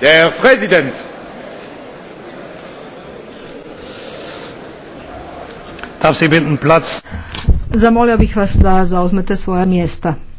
Der Präsident. Darf Sie bitten Platz? Zamolio bih vas da zauzmete svoja mjesta.